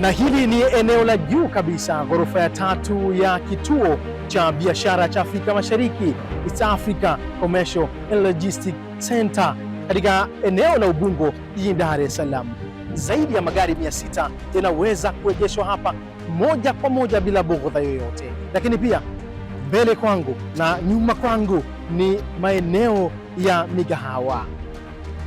na hili ni eneo la juu kabisa, ghorofa ya tatu ya kituo cha biashara cha Afrika Mashariki, East Africa Commercial and Logistic Center katika eneo la Ubungo jijini Dar es Salaam. Zaidi ya magari 600 yanaweza kuegeshwa hapa moja kwa moja bila bughudha yoyote. Lakini pia mbele kwangu na nyuma kwangu ni maeneo ya migahawa.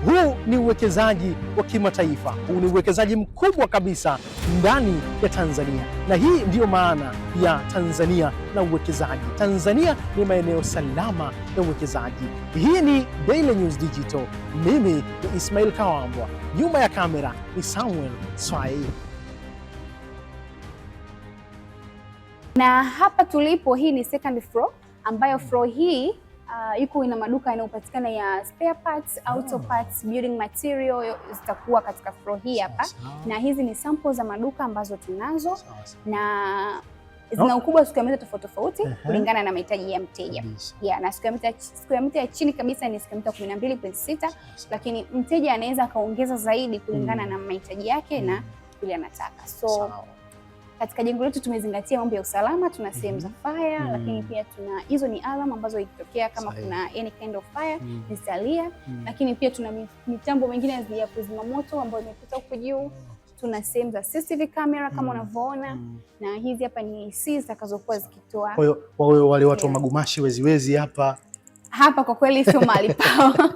Huu ni uwekezaji wa kimataifa, huu ni uwekezaji mkubwa kabisa ndani ya Tanzania, na hii ndiyo maana ya Tanzania na uwekezaji. Tanzania ni maeneo salama ya uwekezaji. Hii ni Daily News Digital, mimi ni Ismail Kawambwa, nyuma ya kamera ni Samuel Swai. Na hapa tulipo, hii ni second floor, ambayo floor hii Uh, iko ina maduka yanayopatikana ya spare parts, ah. auto parts, building material zitakuwa katika floor hii hapa, na hizi ni sample za maduka ambazo tunazo sao, sao. na zina ukubwa siku ya mita tofauti tofauti kulingana na mahitaji ya mteja. Yeah, na siku ya mita ya chini kabisa ni siku ya mita 12.6, lakini mteja anaweza akaongeza zaidi kulingana mm. na mahitaji yake mm. na vile anataka so sao. Katika jengo letu tumezingatia mambo ya usalama, tuna sehemu za mhm. fire, mhm. lakini pia tuna hizo ni alama ambazo ikitokea kama kuna any kind of fire mhm. zitalia, lakini pia tuna mitambo mingine ya kuzima moto ambayo imepita huko juu tuna sehemu za CCTV camera kama unavyoona mm. na hizi hapa ni CCTV zitakazokuwa zikitoa. Kwa hiyo wale watu wa magumashi weziwezi hapa hapa kwa kweli sio mahali pao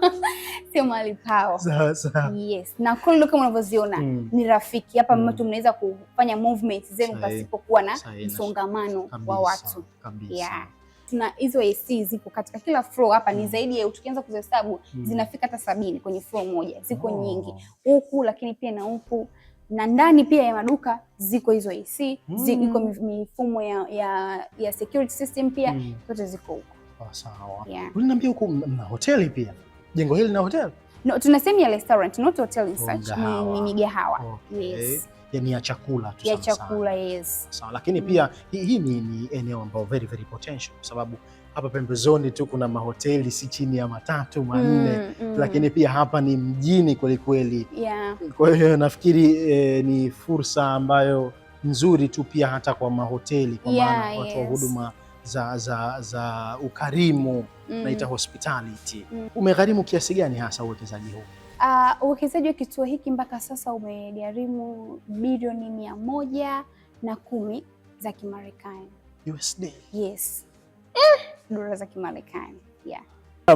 sio mahali pao. Sawa sawa. Yes. Na look kama unavyoziona mm. ni rafiki hapa mm. mtu mnaweza kufanya movement zenu pasipokuwa na msongamano wa watu yeah. Tuna hizo AC zipo katika kila floor hapa mm. ni zaidi ya tukianza kuzihesabu mm. zinafika hata sabini kwenye floor moja, ziko oh. nyingi huku, lakini pia na huku na ndani pia ya maduka ziko hizo AC mm. ziko mifumo ya, ya, ya security system pia mm. zote mm. ziko huko. Sawa sawa. Yeah. Uliniambia huko mna hoteli pia. Jengo hili lina hoteli? No, tunasema ya restaurant, not hotel in such. Ni migahawa. Okay. Yes. ni ya chakula tu sana. Ya chakula, yes. Sawa, lakini mm. pia hii ni, ni eneo ambao very very potential kwa sababu hapa pembezoni tu kuna mahoteli si chini ya matatu manne mm, mm. Lakini pia hapa ni mjini kwelikweli. Yeah. Kwa hiyo nafikiri eh, ni fursa ambayo nzuri tu pia hata kwa mahoteli kwa maana watu wa yes. huduma za, za, za ukarimu mm. naita hospitality mm. umegharimu kiasi gani hasa uwekezaji huu? Uh, uwekezaji wa kituo hiki mpaka sasa umegharimu bilioni mia moja na kumi za Kimarekani USD. Yes. Eh, dola za Kimarekani yeah.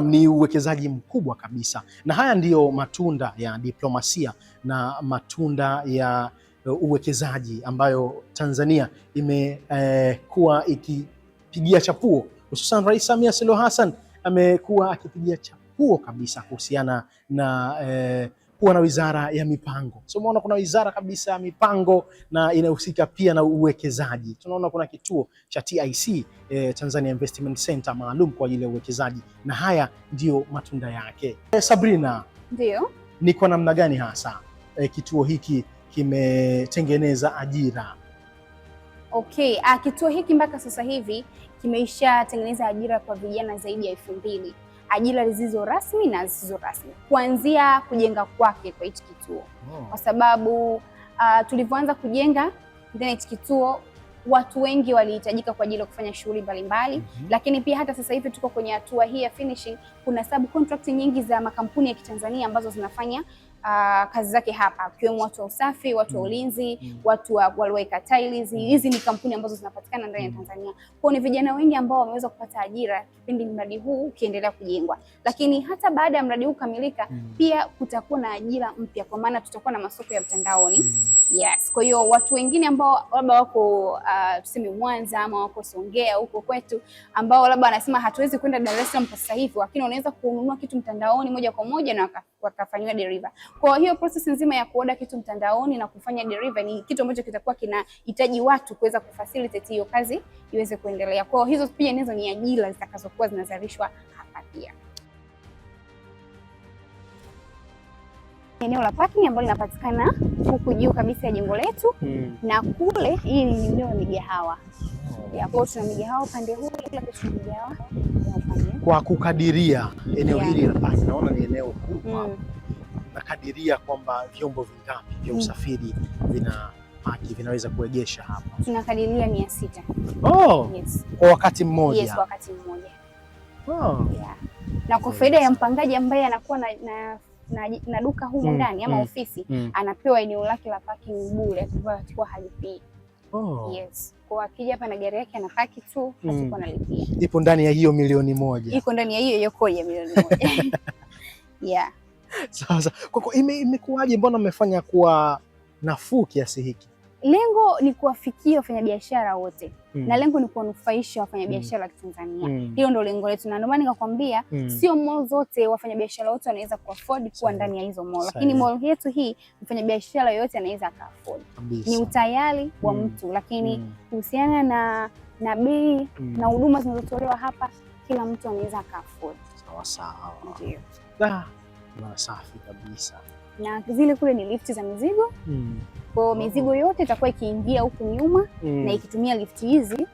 Ni uwekezaji mkubwa kabisa, na haya ndiyo matunda ya diplomasia na matunda ya uh, uwekezaji ambayo Tanzania imekuwa eh, iki pigia chapuo, hususan Rais Samia Suluhu Hassan amekuwa akipigia chapuo kabisa kuhusiana na eh, kuwa na wizara ya mipango. So umeona kuna wizara kabisa ya mipango na inahusika pia na uwekezaji. Tunaona kuna kituo cha TIC eh, Tanzania Investment Center maalum kwa ajili ya uwekezaji, na haya ndiyo matunda yake. Eh, Sabrina, ndio ni kwa namna gani hasa eh, kituo hiki kimetengeneza ajira Okay, ah, kituo hiki mpaka sasa hivi kimeshatengeneza ajira kwa vijana zaidi ya elfu mbili ajira zilizo rasmi na zisizo rasmi kuanzia kujenga kwake kwa hichi kituo, hmm. kwa sababu uh, tulivyoanza kujenga then hichi kituo watu wengi walihitajika kwa ajili ya kufanya shughuli mbalimbali mm -hmm. Lakini pia hata sasa hivi tuko kwenye hatua hii ya finishing, kuna subcontract nyingi za makampuni ya Kitanzania ambazo zinafanya Uh, kazi zake hapa ikiwemo watu wa usafi, watu wa mhm. ulinzi mm. watu wa waliweka tiles. Mhm. Hizi ni kampuni ambazo zinapatikana ndani ya mhm. Tanzania. Kwa ni vijana wengi ambao wameweza kupata ajira kipindi mradi huu ukiendelea kujengwa, lakini hata baada ya mradi huu kukamilika mm. pia kutakuwa na ajira mpya, kwa maana tutakuwa na masoko ya mtandaoni mm Yes, kwa hiyo watu wengine ambao labda wako uh, tuseme Mwanza ama wako Songea huko kwetu ambao labda wanasema hatuwezi kwenda Dar es Salaam kwa sasa hivi, lakini wanaweza kununua kitu mtandaoni moja kwa moja na wakafanyiwa deliver. Kwa hiyo process nzima ya kuoda kitu mtandaoni na kufanya deliver ni kitu ambacho kitakuwa kinahitaji watu kuweza kufacilitate hiyo kazi iweze kuendelea. Kwa hiyo hizo pia nazo ni ajira zitakazokuwa zinazalishwa hapa pia. eneo la parking ambalo linapatikana huku juu kabisa ya jengo letu mm. na kule, hii ni eneo la migahawa yapo, tuna migahawa upande huu, kila tuna migahawa kwa kukadiria eneo yeah. hili la parking naona ni eneo kubwa mm. nakadiria kwamba vyombo vingapi vya hmm. usafiri mm. vina paki vinaweza kuegesha hapa, tunakadiria 600. sita oh, yes. kwa wakati mmoja yes, wakati mmoja oh. yeah. na kwa faida ya mpangaji ambaye anakuwa na, na na, na duka humu mm, ndani mm, ama ofisi mm, anapewa eneo lake la parking bure kwa atakuwa halipii. Oh. Yes. Kwa akija hapa na gari yake ana paki tu mm, analipia. Ipo ndani ya hiyo milioni moja. Iko ndani ya hiyo hiyo kodi ya milioni moja. Yeah. Sasa, kwa kwa imekuwaje, mbona mmefanya kuwa nafuu kiasi hiki? lengo ni kuwafikia wafanyabiashara wote mm. na lengo ni kuwanufaisha wafanyabiashara wa mm. Kitanzania mm. hilo ndo lengo letu, na ndio maana nikakwambia mm. sio mall zote wafanyabiashara wote wanaweza kuafford kuwa ndani ya hizo mall, lakini mall yetu hii mfanyabiashara yoyote anaweza akaafford. Ni utayari wa mm. mtu, lakini mm. kuhusiana mm. na na bei mm. na huduma zinazotolewa hapa, kila mtu anaweza akaafford. Sawa sawa, ndio ah, safi kabisa. Na zile kule ni lifti za mizigo mm. Kwa mizigo mm-hmm. yote itakuwa ikiingia huku nyuma mm. na ikitumia lifti hizi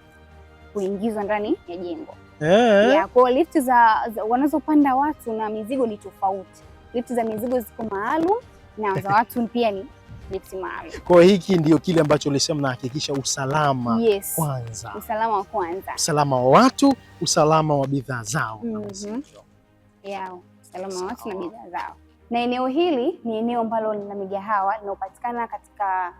kuingizwa ndani ya jengo yeah. Yeah, kwa lifti za, za wanazopanda watu na mizigo ni tofauti. Lifti za mizigo ziko maalum na za watu pia ni lifti maalum. Kwa hiyo hiki ndio kile ambacho ulisema nahakikisha usalama yes. Kwanza usalama wa kwanza, usalama wa watu, usalama wa bidhaa zao mm -hmm. yeah, usalama wa watu na bidhaa zao na eneo hili ni eneo ambalo lina migahawa linaopatikana katika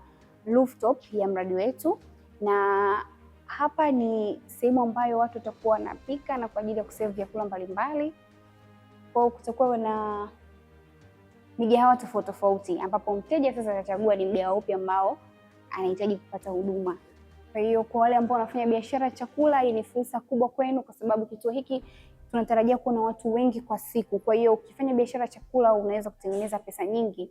rooftop ya mradi wetu, na hapa ni sehemu ambayo watu watakuwa wanapika na kwa ajili ya kuserve vyakula mbalimbali. Kwa kutakuwa na migahawa tofauti tofauti, ambapo mteja sasa atachagua ni mgahawa upi ambao anahitaji kupata huduma. Kwa hiyo kwa wale ambao wanafanya biashara ya chakula, hii ni fursa kubwa kwenu, kwa sababu kituo hiki tunatarajia kuwa na watu wengi kwa siku. Kwa hiyo ukifanya biashara chakula unaweza kutengeneza pesa nyingi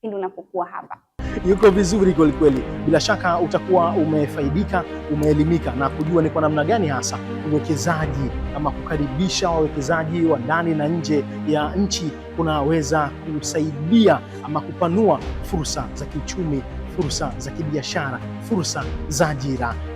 pindi unapokuwa hapa. Yuko vizuri kweli kweli, bila shaka utakuwa umefaidika, umeelimika na kujua ni kwa namna gani hasa uwekezaji ama kukaribisha wawekezaji wa ndani na nje ya nchi kunaweza kusaidia ama kupanua fursa za kiuchumi, fursa za kibiashara, fursa za ajira.